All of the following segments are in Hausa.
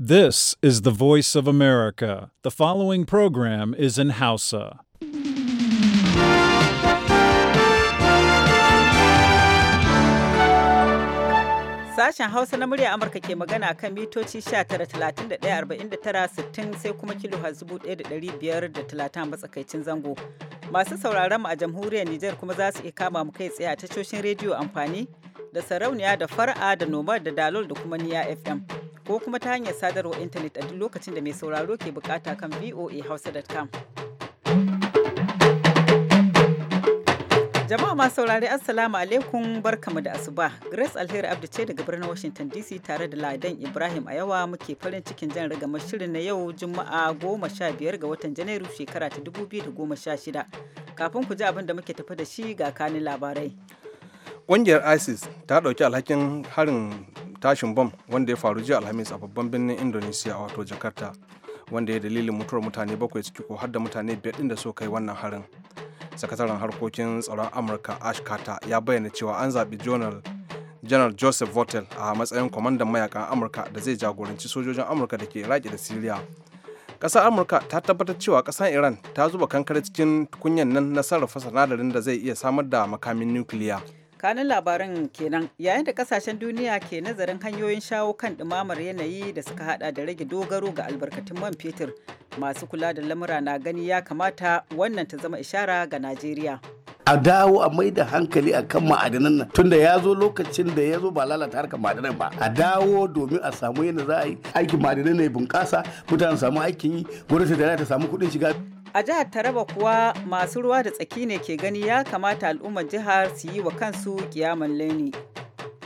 This is the voice of America. The following program is in Hausa. Sashen Hausa na murya Amurka ke magana kan mitoci 19,31,49,60 sai kuma kilo a matsakaicin zango. Masu sauraron mu a jamhuriyar Nijar kuma za su iya kama mu kai tsaye a tashoshin rediyo amfani da sarauniya da fara'a da noma da dalol da kuma niya fm ko kuma ta hanyar sadarwar intanet a duk lokacin da mai sauraro ke bukata kan voahausa.com jama'a masu saurari assalamu alaikum barkamu da asuba grace alheri abdu ce daga birnin washington dc tare da ladan ibrahim a yawa muke farin cikin jan rigamar shirin na yau juma'a goma sha biyar ga watan janairu shekara ta dubu biyu da goma sha shida kafin ku ji abin da muke tafi da shi ga kanin labarai kungiyar isis ta dauki alhakin harin tashin bom wanda ya faru jiya alhamis a babban birnin indonesia a wato jakarta wanda ya dalilin mutuwar mutane bakwai ciki ko har da mutane biyar inda da so kai wannan harin sakataren harkokin tsaron amurka ash carter ya bayyana cewa an zaɓi journal janar joseph votel a matsayin kwamandan mayakan amurka da zai jagoranci sojojin amurka da ke iraki da syria ƙasar amurka ta tabbatar cewa ƙasar iran ta zuba kankare cikin tukunyan nan na sarrafa sinadarin da zai iya samar da makamin nukiliya Kanun labaran kenan yayin da kasashen duniya ke nazarin hanyoyin shawo kan ɗumamar yanayi da suka hada da rage dogaro ga albarkatun man fetur masu kula da lamura na gani ya kamata wannan ta zama ishara ga Najeriya. a dawo a mai da hankali a kan ma'adanan nan tunda ya zo lokacin da ya zo ba lalata harkar ma'adanan ba a dawo domin a samu yadda za a yi aikin ma'adanan ne bunƙasa mutane samu aikin yi gwamnati da ta samu kuɗin shiga A jihar Taraba kuwa masu ruwa da tsaki ne ke gani ya kamata al'ummar jihar su yi wa kansu kiyaman laini.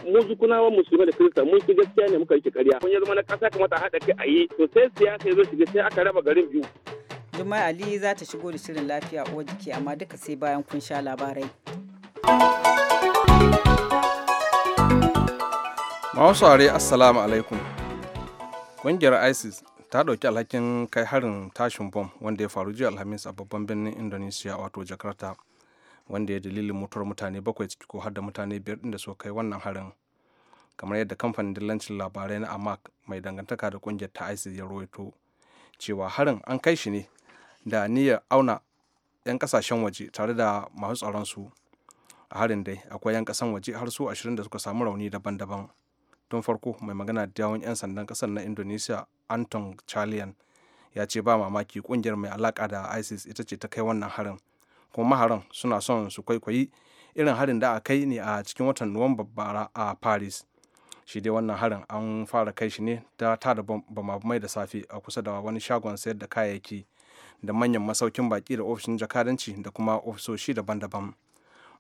mu zukunawa musulmai da kirista mun ki gaskiya ne muka yi karya. kun ya zama na kasa kamata haɗa kai a yi to sai siyasa ya zo shiga sai aka raba garin biyu. Jummai Ali za ta shigo da shirin lafiya uwar jiki amma duka sai bayan kun sha labarai. Mawasare Assalamu alaikum. Ƙungiyar ISIS ta ɗauki alhakin kai harin tashin bom wanda ya faru jiya alhamis a babban birnin indonesia wato jakarta wanda ya dalilin mutuwar mutane bakwai ciki ko har da mutane biyar da suka kai wannan harin kamar yadda kamfanin dillancin labarai na amak mai dangantaka da kungiyar ta isis ya rawaito cewa harin an kai shi ne da niyyar auna 'yan kasashen waje tare da masu tsaron su a harin dai akwai 'yan kasan waje har su ashirin da suka samu rauni daban-daban tun farko mai magana da yawon 'yan sandan kasar na indonesia anton chalian ya ce ba mamaki kungiyar mai alaka da isis ita ce ta kai wannan harin kuma maharan suna son su kwaikwayi irin harin da a kai ne a cikin watan nuwamba bara a paris shi dai wannan harin an fara kai shi ne ta tada bamabumai da safe a kusa da wani shagon sayar da kayayyaki da manyan masaukin baki da ofishin jakadanci da kuma ofisoshi daban-daban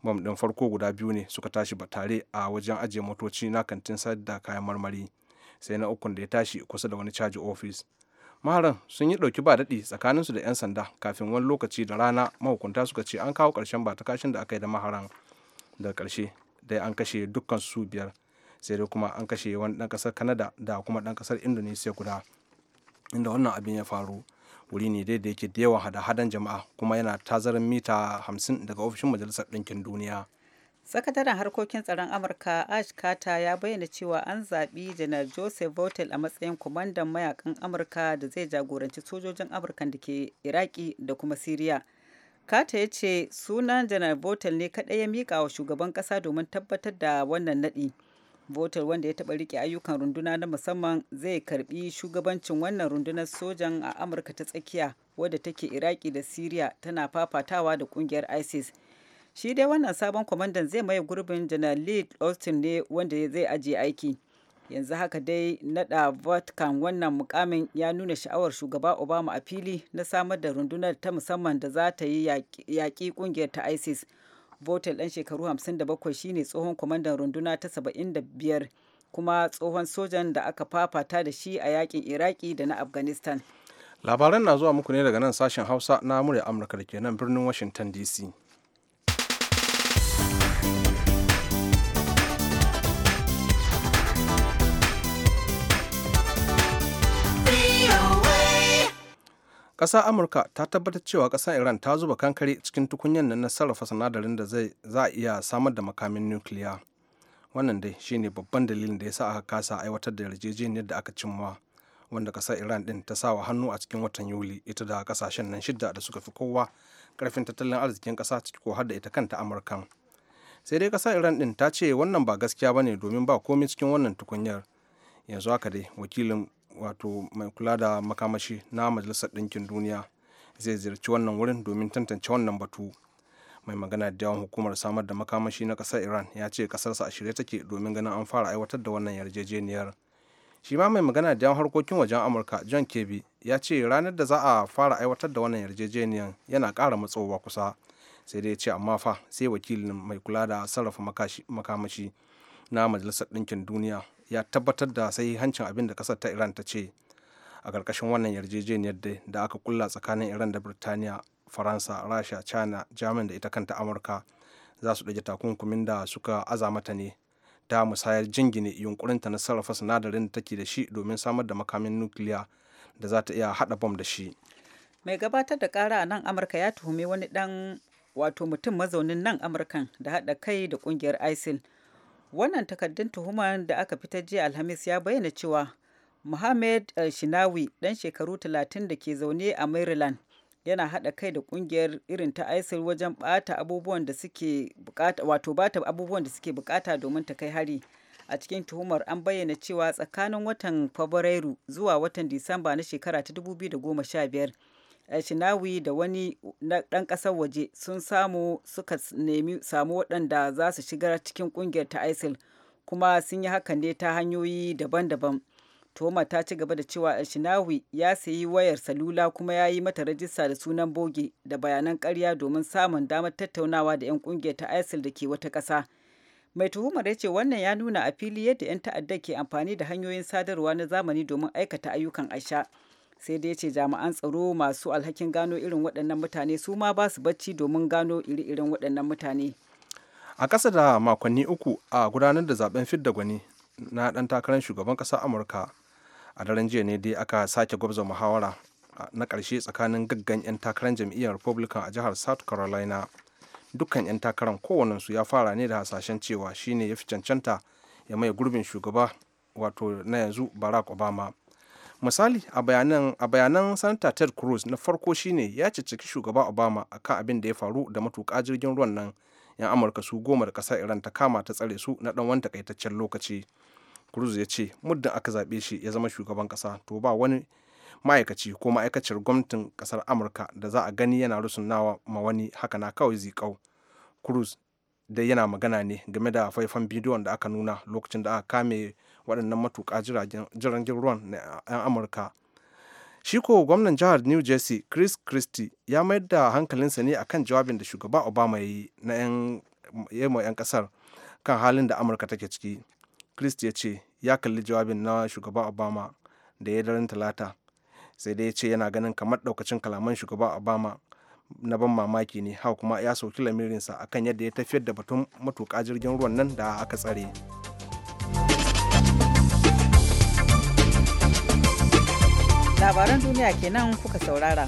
bam din farko guda biyu ne suka tashi ba tare a wajen ajiye motoci na kantin sayar da kayan marmari sai na ukun da ya tashi kusa da wani caji ofis maharan sun yi ɗauki ba daɗi tsakaninsu da 'yan sanda kafin wani lokaci da rana mahukunta suka ce an kawo ƙarshen ba ta kashin da aka yi da maharan da ƙarshe dai an kashe dukkan su biyar sai dai kuma an kashe wani ɗan ƙasar kanada da kuma ɗan ƙasar indonesia guda inda wannan abin ya faru wuri ne dai da yake da yawan hada-hadan jama'a kuma yana tazarin mita 50 daga ofishin majalisar ɗinkin duniya. sakataren harkokin tsaron amurka ash carter ya bayyana cewa an zaɓi janar joseph votel a matsayin kwamandan mayakan amurka da zai jagoranci sojojin amurka da ke iraki da kuma siriya carter ya ce sunan janar votel ne kaɗai ya miƙa wa shugaban ƙasa domin tabbatar da wannan naɗi votel wanda ya taɓa riƙe ayyukan runduna na musamman zai karɓi shugabancin wannan rundunar sojan a amurka ta tsakiya wadda take iraki da siriya tana fafatawa da ƙungiyar isis shi dai wannan sabon kwamandan zai maye gurbin janar lee austin ne wanda zai ajiye aiki yanzu haka dai nada vatican wannan mukamin ya nuna sha'awar shugaba obama a fili na samar da rundunar ta musamman da za ta yi yaƙi ƙungiyar ta isis votel ɗan shekaru 57 shine tsohon kwamandan runduna ta 75 kuma tsohon sojan da aka fafata da shi a yakin iraki da na afghanistan labaran na zuwa muku ne daga nan sashen hausa na murya amurka da ke nan birnin washington dc ƙasar amurka ta tabbatar cewa ƙasar iran ta zuba kankare cikin tukunyar nan na sarrafa sinadarin da zai za iya samar da makamin nukiliya wannan dai shine babban dalilin da ya sa aka kasa aiwatar da yarjejeniyar da aka cimma wanda ƙasar iran din ta sawa hannu a cikin watan yuli ita da kasashen nan shidda da suka fi kowa karfin tattalin arzikin ƙasa ciki ko har da ita kanta amurkan sai dai ƙasar iran din ta ce wannan ba gaskiya ba ne domin ba komai cikin wannan tukunyar yanzu haka dai wakilin wato mai kula da makamashi na majalisar ɗinkin duniya zai ziyarci wannan wurin domin tantance wannan batu mai magana da yawan hukumar samar da makamashi na ƙasar iran ya ce ƙasarsa a shirye take domin ganin an fara aiwatar da wannan yarjejeniyar shi ma mai magana da yawan harkokin wajen amurka john kebi ya ce ranar da za a fara aiwatar da wannan yarjejeniyar yana ƙara matsowa kusa sai dai ce amma fa sai wakilin mai kula da sarrafa makamashi na majalisar ɗinkin duniya ya tabbatar da sahihancin abin da kasar ta iran ta ce a ƙarƙashin wannan yarjejeniyar da aka kulla tsakanin iran da birtaniya faransa rasha china german da ita kanta amurka za su ɗage takunkumin da suka aza mata ne ta musayar jingine yunkurinta na sarrafa sinadarin da take da shi domin samar da makamin nukiliya da za ta iya haɗa bom da shi mai gabatar da ƙara a nan amurka ya tuhumi wani ɗan wato mutum mazaunin nan amurkan da haɗa kai da ƙungiyar isil wannan takardun tuhumar da aka fitar jiya alhamis ya bayyana cewa Mohammed AlShinawi, eh, Shinawi dan shekaru 30 da ke zaune a Maryland yana hada kai da kungiyar irin ta ISIL wajen bata abubuwan da suke bukata wato bata abubuwan da suke bukata domin ta kai hari a cikin tuhumar an bayyana cewa tsakanin watan Fabrairu zuwa watan Disamba na shekara ta 2015 shinawi da wani ɗan ƙasar waje sun samu suka nemi samu waɗanda za su shiga cikin ƙungiyar ta isil kuma sun yi hakan ne ta hanyoyi daban-daban tuhuma ta ci gaba da cewa shinawi ya sayi wayar salula kuma ya yi mata rajista da sunan boge da bayanan ƙarya domin samun damar tattaunawa da 'yan ƙungiyar ta isil da ke wata ƙasa mai tuhumar ya ce wannan ya nuna a fili yadda 'yan ta'adda ke amfani da hanyoyin sadarwa na zamani domin aikata ayyukan aisha sai dai ce jami'an tsaro masu alhakin gano irin waɗannan mutane su ma ba su bacci domin gano iri-irin waɗannan mutane a ƙasa da makonni uku a gudanar da zaben fidda gwani na ɗan takarar shugaban ƙasa amurka a daren jiya ne dai aka sake gwabza muhawara na ƙarshe tsakanin gaggan 'yan takarar jam'iyyar republican a jihar south carolina dukkan 'yan takarar su ya fara ne da hasashen cewa shine ya fi cancanta ya mai gurbin shugaba wato na yanzu barack obama misali a bayanan sanata ted cruz na farko shine ya cicciki shugaba obama akan abin da ya faru da matuƙa jirgin ruwan nan yan amurka su goma da ƙasar iran ta kama ta tsare su na ɗan wani takaitaccen lokaci cruz ya ce muddin aka zaɓe shi ya zama shugaban ƙasa to ba wani ma'aikaci ko ma'aikaciyar gwamnatin ƙasar amurka da za a gani yana rusunawa ma wani haka na kawai zikau cruz dai yana magana ne game da faifan bidiyon da aka nuna lokacin da aka kame waɗannan matuƙa jiragen ruwan na 'yan amurka shi ko gwamnan jihar new jersey chris christie ya mayar da hankalinsa ne akan jawabin da shugaba obama ya yi na 'yan kasar kan halin da amurka take ciki christie ya ce ya kalli jawabin na shugaba obama da ya daren talata sai dai ya ce yana ganin kamar ɗaukacin kalaman shugaba obama na ban mamaki ne haka kuma ya sauki lamirinsa akan yadda ya tafiyar da batun matuƙa jirgin ruwan nan da aka tsare. labaran duniya kenan kuka saurara.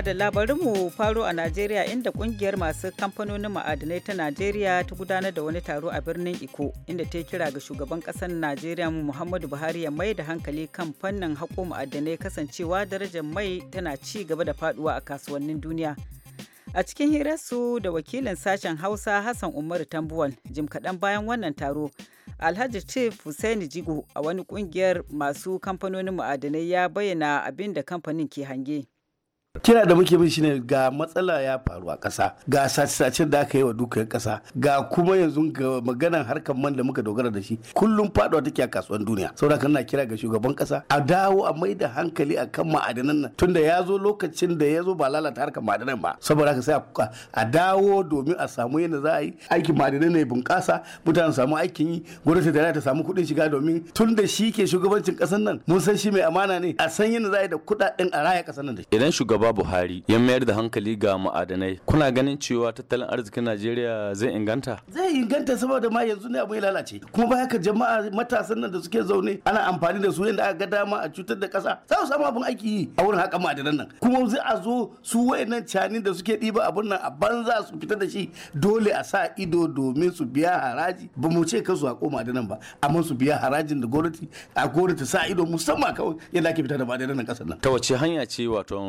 da labarinmu faro a Najeriya inda kungiyar masu kamfanonin ma'adinai ta Najeriya ta gudanar da wani taro a birnin Iko inda ta kira ga shugaban ƙasar Najeriya Muhammadu Buhari ya mai da hankali kan fannin haƙo ma'adinai kasancewa darajar mai tana ci gaba da faduwa a kasuwannin duniya. A cikin hirarsu da wakilin sashen Hausa Hassan Umaru Tambuwan, jim kaɗan bayan wannan taro, Alhaji Chief Hussaini Jigo a wani ƙungiyar masu kamfanonin ma'adanai ya bayyana abin da kamfanin ke hange. kira da muke bin shine ga matsala ya faru a ƙasa ga sace-sacen da aka yi wa dukiyar ƙasa ga kuma yanzu ga maganan harkar man da muka dogara da shi kullum faduwa take a kasuwan duniya saboda kan na kira ga shugaban ƙasa a dawo a mai da hankali a kan ma'adanan nan tunda ya zo lokacin da ya zo ba lalata harkar ma'adanan ba saboda haka sai a dawo domin a samu yadda za a yi aikin ma'adanan ne bunƙasa mutane samu aikin yi gwamnati da ta samu kuɗin shiga domin tunda shi ke shugabancin ƙasar nan mun san shi mai amana ne a san yadda za a yi da kuɗaɗen a raya ƙasar nan da idan shugaban shugaba buhari ya mayar da hankali ga ma'adanai kuna ganin cewa tattalin arzikin najeriya zai inganta zai inganta saboda ma yanzu ne abu ya lalace kuma baya ka jama'a matasan nan da suke zaune ana amfani da su yadda aka ga dama a cutar da kasa za su samu abin aiki yi a wurin haka ma'adanan nan kuma zai a zo su wayannan cani da suke ɗiba abin nan a banza su fita da shi dole a sa ido domin su biya haraji ba mu ce ka su haƙo ma'adanan ba amma su biya harajin da gwamnati a gwamnati sa ido musamman kawai yadda ake fita da ma'adanan nan ƙasar nan ta wace hanya ce wato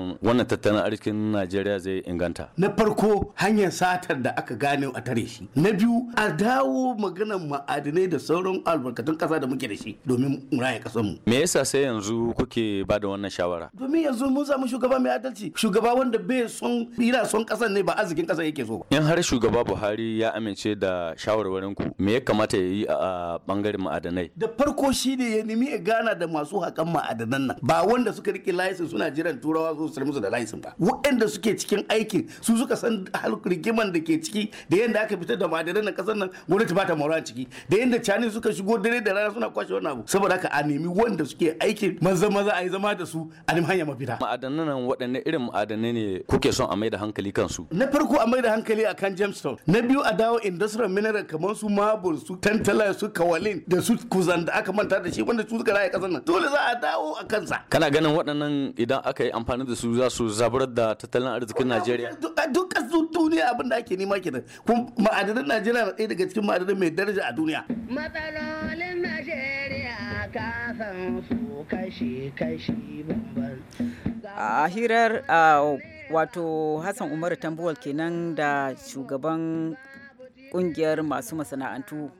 wannan tattalin arzikin najeriya zai inganta na farko hanyar satar da aka gane a tare shi na biyu a dawo maganan ma'adinai da sauran albarkatun kasa da muke da shi domin raya kasar mu me yasa sai yanzu kuke ba da wannan shawara domin yanzu mun samu shugaba mai adalci shugaba wanda bai son yana son kasar ne ba arzikin kasar yake so in har shugaba buhari ya amince da shawarwarin ku me ya kamata ya yi a bangaren ma'adanai da farko shine ya nemi ya gana da masu hakan ma'adanan nan ba wanda suka rike layisin suna jiran turawa su musu da paralyzing ba waɗanda suke cikin aikin su suka san rigiman da ke ciki da yadda aka fitar da madaran na kasar nan gwamnati ba ta maura ciki da yadda cani suka shigo dare da rana suna kwashe wani abu saboda haka a nemi wanda suke aikin maza maza a yi zama da su a nemi hanya mafita ma'adanan nan waɗanne irin ma'adanai ne kuke son a maida hankali kan su. na farko a maida hankali a kan jamestown na biyu a dawo industrial mineral kamar su marble su tantala su kawalin da su kuzan da aka manta da shi wanda su suka raya kasar nan dole za a dawo a kansa kana ganin waɗannan idan aka yi amfani da su za su su zaburar da tattalin arzikin Najeriya? Duk ƙasar duniya abin da ake nema kenan. Kuma ma'adanan Najeriya na ɗaya daga cikin ma'adanan mai daraja a duniya. Matsalolin Najeriya kafin su kashi-kashi bambam. A hirar wato Hassan Umaru Tambuwal kenan da shugaban kungiyar masu masana'antu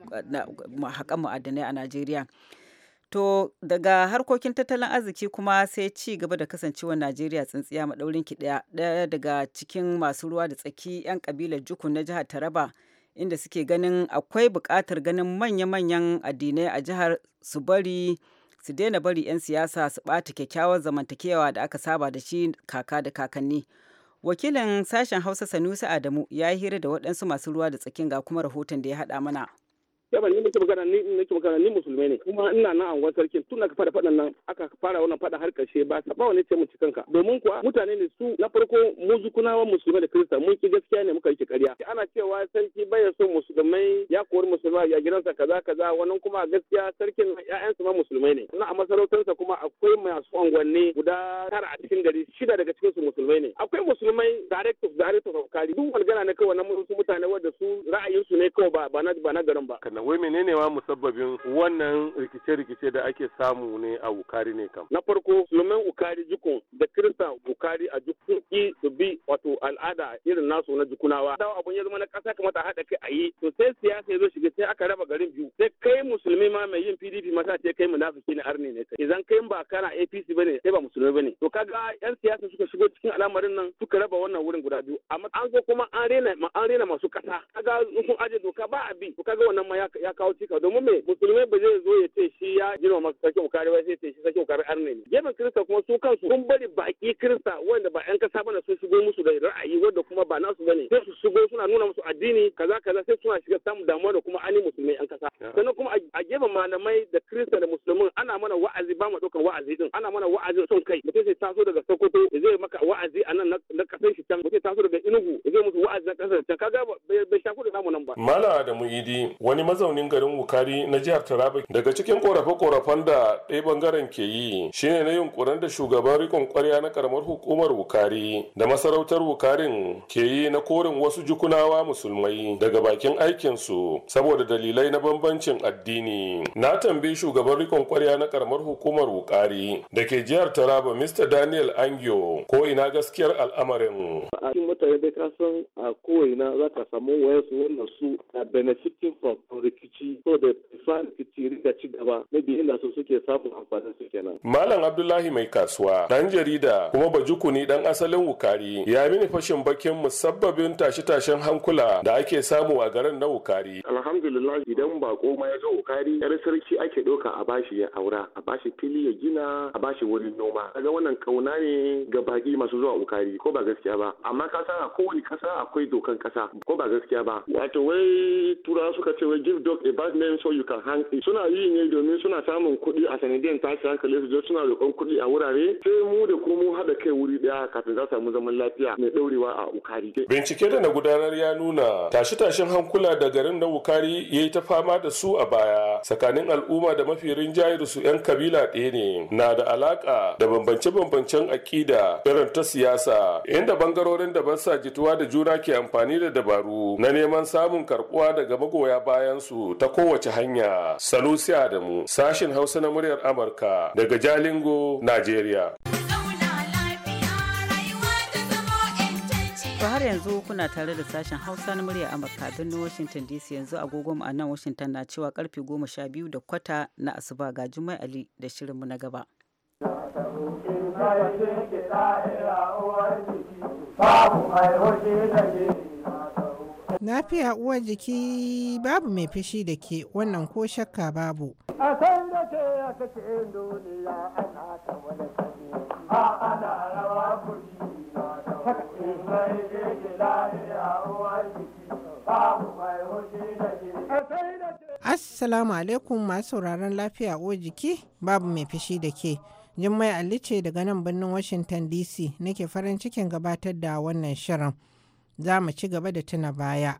haƙan ma'adanai a Najeriya. To daga harkokin tattalin arziki kuma sai ci gaba da kasancewar Najeriya tsintsiya maɗaurin ki ɗaya daga cikin masu ruwa da tsaki 'yan kabilar juku na jihar Taraba inda suke ganin akwai buƙatar ganin manya-manyan addinai a jihar su bari su daina bari 'yan siyasa su ɓata kyakkyawar zamantakewa da aka saba da shi kaka da kakanni. Wakilin sashen Hausa Sanusi Adamu ya yi hira da waɗansu masu ruwa da tsakin ga kuma rahoton da ya haɗa mana. yaba ni nake magana ni nake magana ni musulmai ne kuma ina nan anguwar sarkin tun aka fara fadan nan aka fara wannan fadan har karshe ba sa ba wani ce mu cikin ka domin kuwa mutane ne su na farko mu zukunawa musulmai da kirista mun ki gaskiya ne muka yi ƙarya ana cewa sarki bai so musulmai ya kori musulmai ya gidansa kaza kaza wannan kuma gaskiya sarkin ƴaƴansu ma musulmai ne na a masarautarsa kuma akwai masu unguwanni guda tara a cikin gari shida daga cikin su musulmai ne akwai musulmai of direct of kari duk magana ne kawai na musu mutane wanda su ra'ayinsu ne kawai ba na ba na garin ba wai menene ma musabbabin wannan rikice-rikice da ake samu ne a Bukari ne kam na farko lumen Bukari jikon da Kirista Bukari a jikon sun ki su bi wato al'ada irin nasu na jikunawa dawo abun ya zama na ƙasa kamata a haɗa kai a yi to sai siyasa ya zo shiga sai aka raba garin biyu sai kai musulmi ma mai yin PDP ma sa ce kai munafiki na arni ne kai idan kai ba kana APC ba ne sai ba musulmi ba ne. to kaga yan siyasa suka shigo cikin al'amarin nan suka raba wannan wurin guda biyu amma an zo kuma an rena an rena masu ƙasa kaga sun aje doka ba a bi to kaga wannan ma ya kawo cika domin me musulmi ba zai zo ya ce shi ya girmama sarkin ukari ba sai ya ce shi sarkin ukari arni ne gefen kirista kuma su kansu sun bari baki kirista wanda ba yan suka saba bane sun shigo musu da ra'ayi wanda kuma ba nasu bane sai su shigo suna nuna musu addini kaza kaza sai suna shiga samun damuwa da kuma ani musulmai 'yan kasa sannan kuma a Yaba malamai da kirista da musulmin ana mana wa'azi ba mu ɗaukar wa'azi din ana mana wa'azi son kai mutum sai taso daga sokoto zai maka wa'azi a nan na kasar shi can mutum taso daga inugu zai musu wa'azi na kasar can kaga bai shafu da namu nan ba. Malam adamu idi wani mazaunin garin wukari na jihar taraba daga cikin korafe-korafen da ɗaya bangaren ke yi shine na yunkurin da shugaban rikon kwarya na karamar hukumar wukari da masarautar wukarin ke yi na korin wasu jukunawa musulmai daga bakin aikinsu saboda dalilai na bambancin addini na tambayi shugaban rikon kwarya na karamar hukumar wukari da ke jihar taraba mr daniel angio ko ina gaskiyar al'amarin a cikin mutane dai ka san a ko'ina za ka samu wayansu wannan su na benefiting from rikici so da sa rikici ga ci gaba na biyu su suke samun amfanin su kenan. Malam Abdullahi mai kasuwa dan jarida kuma jukuni dan asalin wukari ya mini fashin bakin musabbabin tashe-tashen hankula da ake samu a garin na wukari. Alhamdulillah idan bako koma ya zo wukari yar sarki ake ɗauka a bashi ya aura a bashi fili ya gina a bashi wurin noma. Kaga wannan kauna ne ga baki masu zuwa wukari ko ba gaskiya ba amma ka san a kowane kasa akwai dokan kasa ko ba gaskiya ba. Wato wai turawa suka ce wai give dog a bad name so you can suna yi ne domin suna samun kuɗi a sanadiyan tashi hankali su je suna roƙon kuɗi a wurare sai mu da kuma mu haɗa kai wuri ɗaya kafin za samu zaman lafiya mai ɗaurewa a Ukari. Bincike da na gudanar ya nuna tashe-tashen hankula da garin na Ukari ya yi ta fama da su a baya tsakanin al'umma da mafi rinjaye su 'yan kabila ɗaya ne na da alaƙa da bambance-bambancen aƙida irin ta siyasa inda bangarorin da ba sa jituwa da juna ke amfani da dabaru na neman samun karɓuwa daga magoya bayansu ta kowace hanya. Kenya da mu sashin Hausa na muryar Amurka daga Jalingo Najeriya. To har yanzu kuna tare da sashen Hausa na murya Amurka birnin Washington DC yanzu agogon a nan Washington na cewa karfe goma sha biyu da kwata na asuba ga jumai Ali da shirinmu na gaba. Babu mai da Lafiya uwar jiki babu mai fishi da ke wannan ko shakka babu. A A lafiya jiki babu mai da ke. Assalamu alaikum masu sauraron lafiya o jiki babu mai fishi da ke. Jummai Ali ce daga nan birnin Washington DC nake farin cikin gabatar da wannan shirin. za mu ci gaba da tuna baya.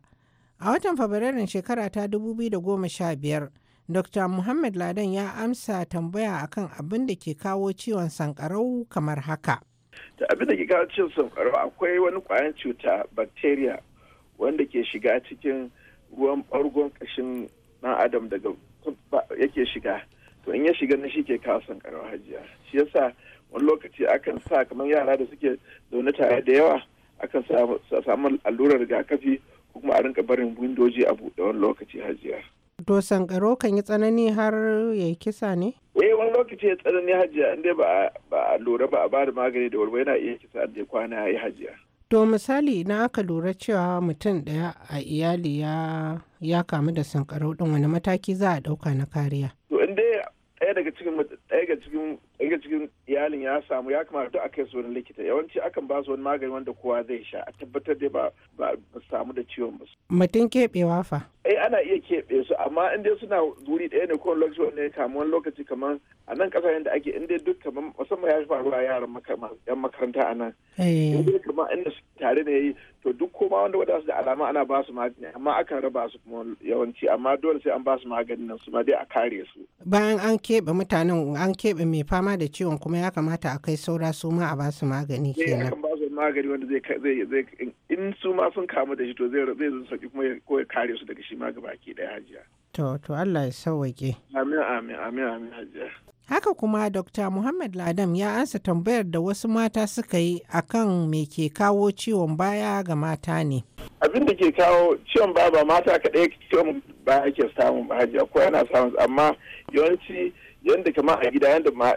A watan Fabrairun shekara ta 2015, Dr. Muhammad Ladan ya amsa tambaya akan abin da ke kawo ciwon sankarau kamar haka. Ta abin da ke kawo ciwon sankarau akwai wani kwayan cuta bacteria wanda ke shiga cikin ruwan ɓargon ƙashin ɗan adam daga yake shiga. To in ya shiga na shi ke kawo sankarau hajiya. Shi yasa wani lokaci akan sa kamar yara da suke zaune tare da yawa akan samu allurar rigakafi ko kuma a rinka barin windoji a buɗe wani lokaci hajiya. To sankaro kan yi tsanani har ya kisa ne? Eh wani lokaci ya tsanani hajiya inda ba a lura ba a ba da magani da warwa yana iya kisa da kwana ya yi hajiya. To misali na aka lura cewa mutum ɗaya a iyali ya ya kamu da sankaro ɗin wani mataki za a ɗauka na kariya. To in dai ɗaya daga cikin ɗaya daga cikin cikin iyalin ya samu ya kamata a kai su wani likita yawanci akan ba su wani magani wanda kowa zai sha a tabbatar da ba ba samu da ciwon ba. Mutum keɓewa fa. eh ana iya keɓe su amma in dai suna wuri ɗaya ne ko lokaci wanda ya kamu wani lokaci kamar a nan ƙasa da ake in dai duk kamar musamman ya faru a yaran yan makaranta a nan eh. inda su tare ne to duk koma wanda wadda su da alama ana ba su magani amma akan raba su kuma yawanci amma dole sai an ba su maganin nan su ma dai a kare su. bayan an keɓe mutanen an keɓe mai fama da ciwon kuma ya kamata a kai saura su ma a ba su magani eh, kenan. magani wanda zai zai in su ma sun kamu da shi to zai zai sauki kuma ko ya kare su daga shi ma ke da hajiya to to Allah ya sauwake amin amin amin amin hajiya Haka kuma Dr. Muhammad Ladam ya ansa tambayar da wasu mata suka yi akan me ke kawo ciwon baya ga mata ne. Abin da ke kawo ciwon baya ba mata kaɗai ciwon baya ke samun hajiya ko yana samun amma yawanci yanda kama a gida yanda ma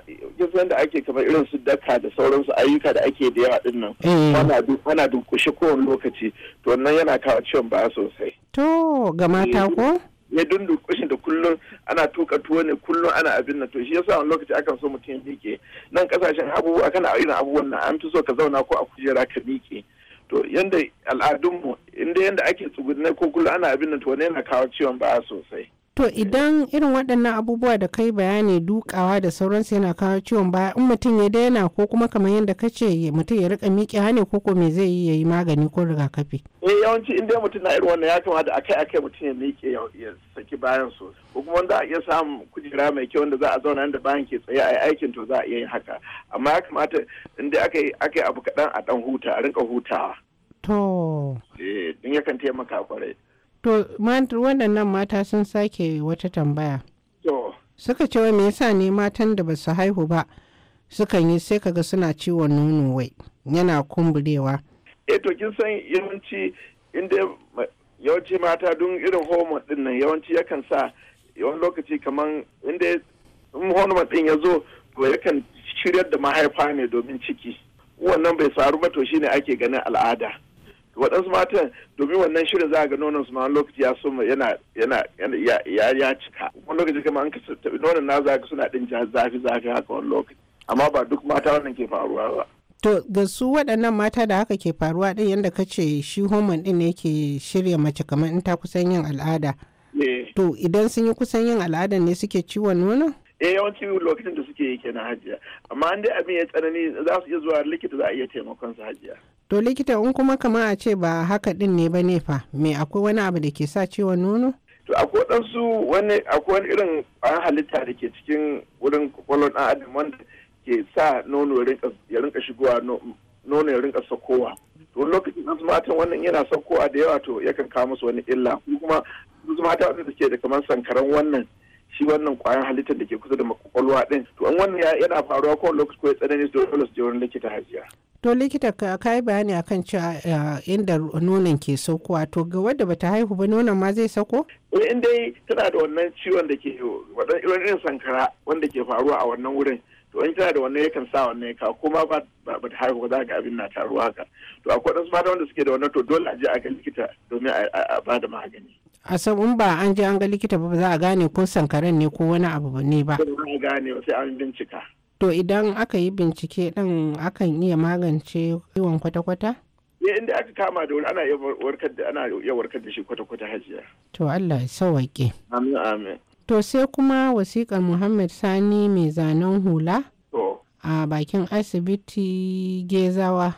yanda ake kamar irin su daka da sauransu ayyuka da ake da yawa din nan eh. ana dunkushe kowane lokaci to wannan yana kawo ciwon baya sosai to ga mata eh, ko ya dundukushin da kullum ana tuka tuwo ne kullum ana abin nan to shi yasa wani lokaci akan so mutum ya miƙe nan kasashen abubuwa kana irin abubuwan nan an fi so ka zauna ko a kujera ka miƙe to yanda al'adunmu inda yanda ake tsugunne ko kullum ana abin nan to wani yana kawo ciwon baya sosai To eh. idan irin waɗannan abubuwa da kai bayani dukawa da sauransu yana kawo ciwon baya in mutum ya daina ko kuma kamar yadda ka ce mutum ya rika miƙe hane ko ko me zai yi ya yi magani ko rigakafi. Eh yawanci in dai mutum na irin wannan ya kamata a a akai mutum ya miƙe ya saki bayan su ko kuma wanda a iya samun kujera mai kyau wanda za a zauna da bayan ke tsaye a yi aikin to za a iya yin haka amma ya kamata in dai aka yi abu kaɗan a ɗan huta a rinka hutawa. To. Eh din yakan taimaka kwarai. To, waɗannan mata sun sake wata tambaya. Suka ce wa me yasa ne matan da ba su haihu ba sukan yi sai kaga suna ciwon nono wai yana kumburewa. Eh to kin san yawanci inda yawanci mata don irin hormone din nan yawanci yakan sa yawan lokaci kamar inda hormone din ya zo to yakan shiryar da mahaifa ne domin ciki. Wannan bai faru ba to shine ake ganin al'ada. waɗansu matan domin wannan shirin za a ga nonon su ma lokaci ya soma yana yana ya cika wani lokaci kama an kasa nonon na za ka suna ɗin zafi zafi haka wani lokaci amma ba duk mata wannan ke faruwa ba. To ga su waɗannan mata da haka ke faruwa ɗin yadda ka ce shi homon ɗin ne ke shirya mace kamar in ta kusan yin al'ada. Eh. To idan sun yi kusan yin al'ada ne suke ciwon nono? eh yawanci lokacin da suke yi kenan hajiya amma an dai abin ya tsanani za su iya zuwa likita za a iya taimakon su hajiya To likita in kuma kama a ce ba haka din ne ba ne fa me akwai wani abu da ke sa ciwon nono? To akwai ɗansu wani akwai wani irin an halitta da ke cikin wurin kwakwalwar ɗan adam wanda ke sa nono ya rinka shigowa nono ya rinka sakowa. To lokacin wasu matan wannan yana sakowa da yawa to yakan kawo musu wani illa kuma wasu mata wanda ke da kamar sankaran wannan shi wannan kwayan halittar da ke kusa da makwakwalwa din to an wannan yana faruwa ko lokaci ko ya tsanani da dole su je wurin likita hajiya to likita ka yi bayani akan cewa eh, inda nonon ke saukowa to ga wadda bata haihu ba nonon ma zai sauko eh, in dai tana da wannan ciwon da ke wadannan irin sankara wanda ke faruwa a wannan wurin to in tana da wannan yakan sa wannan ya kuma ba ba ta haihu za ka abin na taruwa haka to akwai wasu mata wanda suke da wannan to dole a je a ga likita domin a ba da magani asab in ba an je an ga likita ba za a gane ko sankaran ne ko wani abu ne ba gane sai an bincika to idan aka yi bincike din akan iya magance ciwon kwata-kwata ne inda aka kama da wuri ana iya warkar da shi kwata-kwata hajiya to Allah ya sauwaƙe amin amin to sai kuma wasiƙar Muhammad Sani mai zanen hula a bakin asibiti gezawa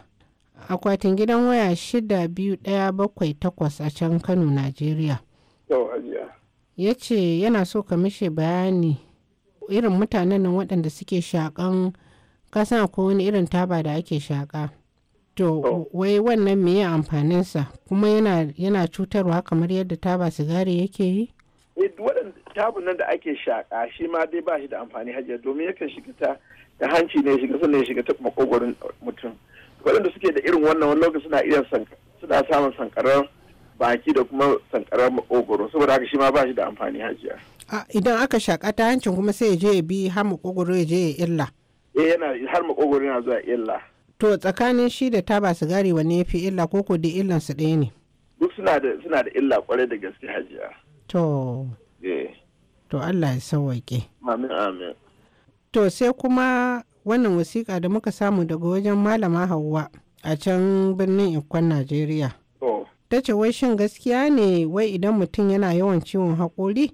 akwatin gidan waya shida biyu ɗaya bakwai takwas a can Kano Najeriya ya ce yana so ka mishe bayani irin mutanen nan waɗanda suke shakan kasan ko wani irin taba da ake shaka to wai wannan meye amfaninsa kuma yana cutarwa kamar yadda taba sigari yake yi eh, waɗanda tabun nan da ake shaƙa shi ma dai ba shi da amfani hajiya domin yakan shiga ta da hanci ne shiga sannan shiga ta makogwarin mutum waɗanda suke da irin wannan wani lokaci suna iya suna samun sankarar baki da kuma sankarar makogoro saboda haka shi ma ba shi da amfani hajiya. idan aka shaƙa ta hancin kuma sai ya je ya bi har makogoro ya je ya illa. eh yana har makogoro yana zuwa illa. to tsakanin shi da taba sigari wanne ya fi illa ko ko da illan su ɗaya ne. duk suna da suna da illa kwarai da gaske hajiya. to. Eh. to Allah ya sauwaƙe. amin amin. to sai kuma wannan wasiƙa da muka samu daga wajen malama hauwa a can birnin ikon najeriya. ta ce wai shin gaskiya ne wai idan mutum yana yawan ciwon haƙori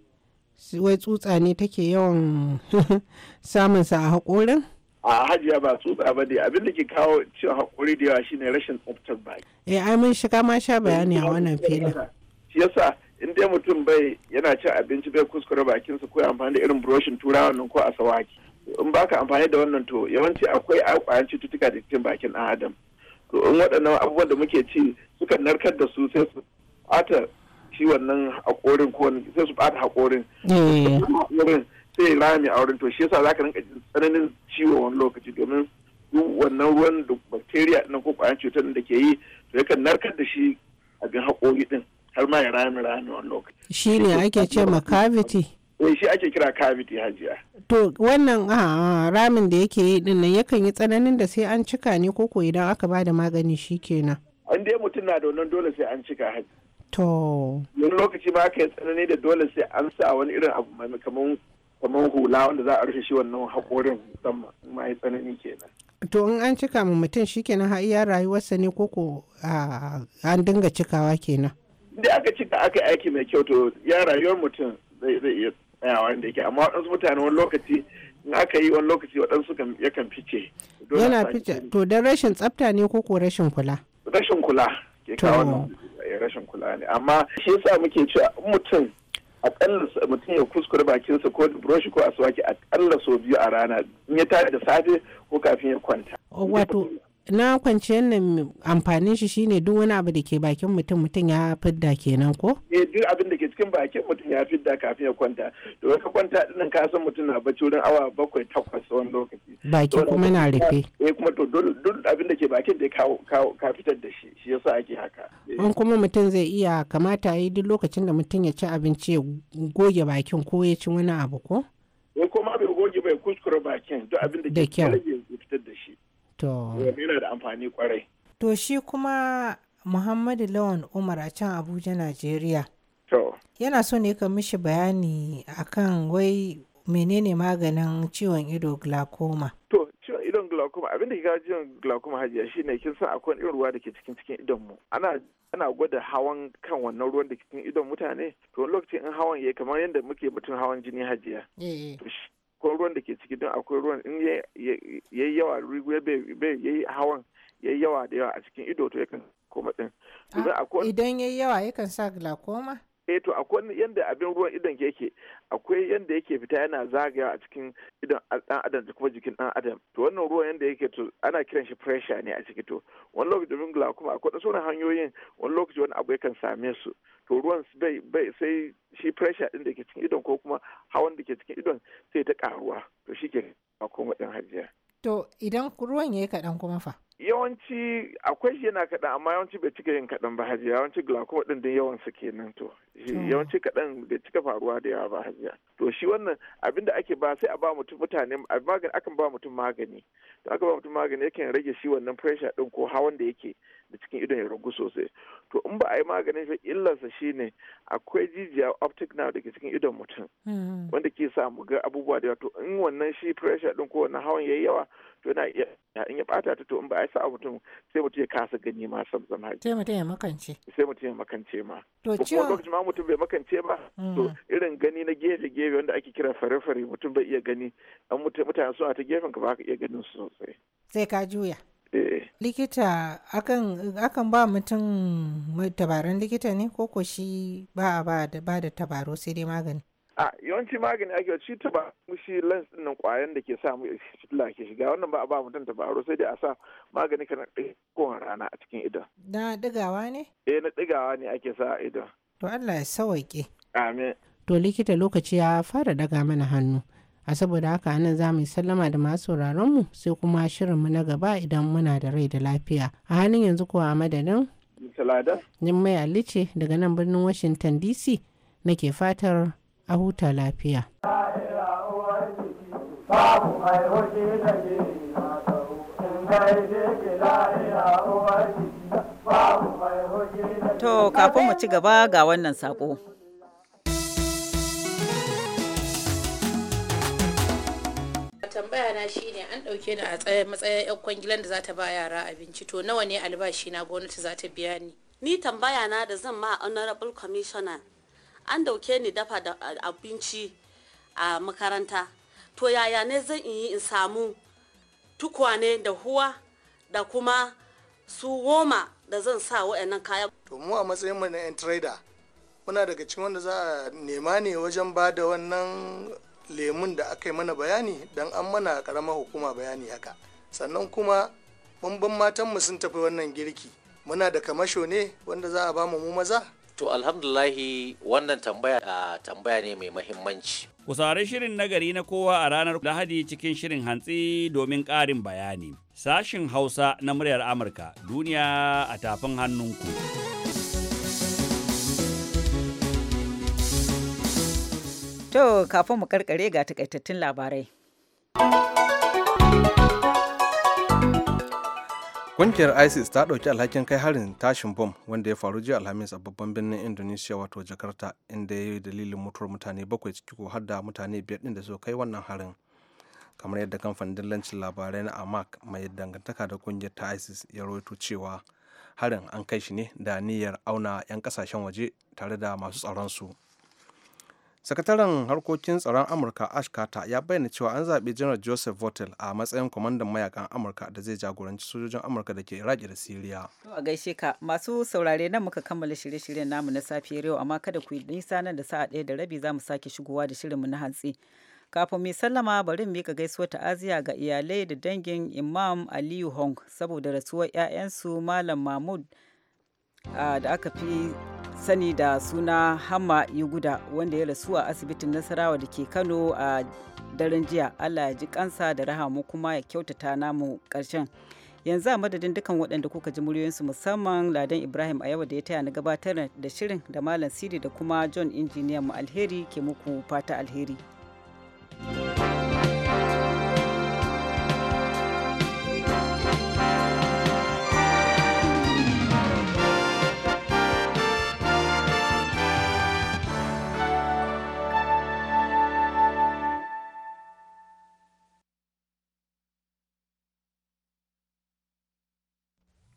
wai tsutsa ne take yawan samunsa a haƙorin? a hajiya ba tsutsa ba ne abin da ke kawo ciwon haƙori da yawa shine rashin tsaftar baki. eh ai mun shiga ma sha bayani a wannan filin. shi yasa in dai mutum bai yana cin abinci bai kuskure bakinsa ko amfani da irin buroshin turawa nan ko a sawaki in baka amfani da wannan to yawanci akwai kwayan cututtuka da cikin bakin ɗan adam to in waɗannan abubuwan da muke ci suka narkar da su sai su ɓata shi wannan haƙorin ko sai su ɓata haƙorin eh. sai rami a wurin to shi yasa zaka rinka jin tsananin ciwo wani lokaci domin duk wannan ruwan da bacteria ɗin ko ƙwayan cutar da ke yi to yakan narkar da shi abin haƙori ɗin har ma ya rami rami wani lokaci. shi ne ake ce ma cavity. wai eh, shi ake kira cavity hajiya to wannan ah, ah, ramin da yake yi dinnan yakan yi tsananin da sai an cika ne ko ko idan aka ba da magani shikenan an dai mutum na da wannan dole sai an cika haji to wani lokaci ba ka yi tsanani da dole sai an sa wani irin abu mai kamar hula wanda za a rufe shi wannan haƙorin musamman ma yi tsanani kenan to in an cika ma mutum shikenan ha iya rayuwarsa ne ko ah, an dinga cikawa kenan da aka cika aka aiki mai kyau to ya rayuwar mutum zai iya tsayawa inda yake amma waɗansu mutane wani lokaci in aka yi wani lokaci waɗansu yakan fice. Yana fice to don rashin tsafta ne ko ko rashin kula? Rashin kula ke kawo eh, rashin kula ne amma shi yasa muke cewa mutum akalla mutum ya kuskure bakinsa ko broshi ko aswaki akalla sau biyu a rana in ya tare da safe ko kafin ya kwanta. Wato na kwanciyar nan amfanin shi shine duk wani abu da ke bakin mutum mutum ya fidda kenan ko? eh duk abin da ke cikin bakin mutum ya fidda kafin ya kwanta to ka kwanta dinnan ka san mutum na bacci wurin awa bakwai takwas wani lokaci baki kuma na rufe eh kuma to duk abin da ke bakin da ka fitar da shi shi yasa ake haka eh. in kuma mutum zai iya kamata yi duk lokacin da mutum ya ci abinci ya goge bakin ko ya ci wani abu ko? eh kuma bai goge bai kuskure bakin duk abin da ke To. Yana da amfani kwarai. To shi kuma Muhammadu Lawan Umar a can Abuja, Najeriya. To. Yana so ne ka mishi bayani akan wai menene maganin ciwon ido glaucoma. To, ciwon idon glaucoma abin da ciwon glaucoma hajiya ne kin san akwai irin ruwa da ke cikin cikin idon mu. Ana ana gwada hawan kan wannan ruwan da ke cikin idon mutane. To, lokacin in hawan yayi kamar yadda muke batun hawan jini hajiya. Eh, eh. ko ruwan da ke ciki don akwai ruwan in yayi yawa rigwe bai yayi hawan yayi yawa da yawa a cikin ido to yakan koma din ah, idan yayi yawa yakan sa glaucoma eh to akwai yanda abin ruwan idon yake akwai yanda yake fita yana zagaya a cikin idon dan adam da kuma jikin dan adam to wannan ruwan yanda yake to ana kiran shi pressure ne a ciki to wani lokaci domin glaucoma akwai da sauran hanyoyin wani lokaci wani abu yakan same su to ruwan bai bai sai shi pressure din da ke cikin idon ko kuma hawan da ke cikin idon sai ta karuwa to shi ke glaucoma din hajiya to idan ruwan yayi kadan kuma fa yawanci akwai shi yana kaɗan amma yawanci bai cika yin kaɗan ba hajiya yawanci glaucoma ɗin din yawan su kenan to yawanci kaɗan bai cika faruwa da yawa ba hajiya to shi wannan abinda ake ba sai a ba mutum mutane magani akan ba mutum magani to aka ba mutum magani yake rage shi wannan pressure ɗin ko hawan da yake da cikin idon ya ragu sosai to in ba a yi maganin fa illarsa shine akwai jijiya optic nerve da ke cikin idon mutum mm-hmm. wanda ke sa mu ga abubuwa da yawa to in wannan shi pressure ɗin ko wannan hawan yayi yawa to yana iya in ya bata ta to in ba a sa mutum sai mutum ya kasa gani ma sam sam sai mutum ya makance sai mutum ya makance ma to ciwo ko kuma mutum bai makance ba to mm. irin gani na gefe gefe wanda ake kira fare fare mutum bai iya gani an mutane suna ta gefen ka ba ka iya ganin su sosai sai ka juya eh. likita akan akan ba mutum tabaran likita ne ko ko shi ba a ba da tabaro sai dai magani a yawanci magani ake shi tuba shi lens din nan kwayan da ke sa mu fitila ke shiga wannan ba a ba mutum tabaro sai dai a sa magani kana kowane rana a cikin idan na digawa ne eh na digawa ne ake sa a idan to Allah ya sawaike amin to likita lokaci ya fara daga mana hannu a saboda haka anan za mu yi sallama da masu mu sai kuma shirin mu na gaba idan muna da rai da lafiya a halin yanzu kuwa a madadin Salada. Jummai Ali ce daga nan birnin Washington DC nake fatar a huta lafiya. To kafin mu ci gaba ga wannan saƙo. tambaya na shine an ɗauke ni a matsayin 'yan kwangilan da za ta ba yara abinci to nawa ne albashi na gwamnati za ta biya ni ni tambaya na da zan ma honorable commissioner an dauke ni dafa da abinci a makaranta to yaya ne zan yi in samu tukwane da huwa da kuma su goma da zan sa wa'annan kayan. to mu a matsayin mu na yan trader muna daga cikin wanda za a nema ne wajen ba da wannan lemun da aka yi mana bayani don an mana karamar hukuma bayani haka sannan kuma bamban matanmu sun tafi wannan girki muna da kamasho ne wanda za a ba mu maza To alhamdulahi wannan tambaya a tambaya ne mai mahimmanci. Ku saurari shirin nagari na kowa a ranar Lahadi cikin shirin hantsi domin ƙarin bayani. Sashin Hausa na muryar Amurka duniya a tafin hannunku. To kafin mu karkare ga takaitattun labarai. Ƙungiyar ISIS ta ɗauki alhakin kai harin tashin bom wanda ya faru jiya Alhamis a babban birnin Indonesia wato Jakarta inda ya yi dalilin mutuwar mutane bakwai ciki ko har da mutane biyar ɗin da suka kai wannan harin. Kamar yadda kamfanin dillancin labarai na Amak mai dangantaka da kungiyar ta ISIS ya rawaito cewa harin an kai shi ne da niyyar auna 'yan kasashen waje tare da masu tsaron su. sakataren harkokin tsaron amurka ash carter ya bayyana cewa an zaɓi janar joseph votel a matsayin kwamandan mayakan amurka da zai jagoranci sojojin amurka da ke iraki da siriya a gaishe ka masu saurare nan muka kammala shirye-shiryen namu na safiyar yau amma kada ku yi nisa nan da sa'a ɗaya da rabi za mu sake shigowa da mu na hantsi kafin mai sallama bari mika gaisuwar ta'aziya ga iyalai da dangin imam aliyu hong saboda rasuwar 'ya'yansu malam mahmud Ah, da aka fi sani da suna Hama Yuguda wanda ya rasu a asibitin Nasarawa da ke Kano a daren jiya. Allah ya ji kansa da rahamu kuma ya kyautata namu ƙarshen. Yanzu a madadin dukan waɗanda kuka ji muryoyinsu musamman Ladan Ibrahim a yau da ya taya na gabatar da shirin da Malam Siri da kuma John Injiniyan mu alheri ke muku fata alheri.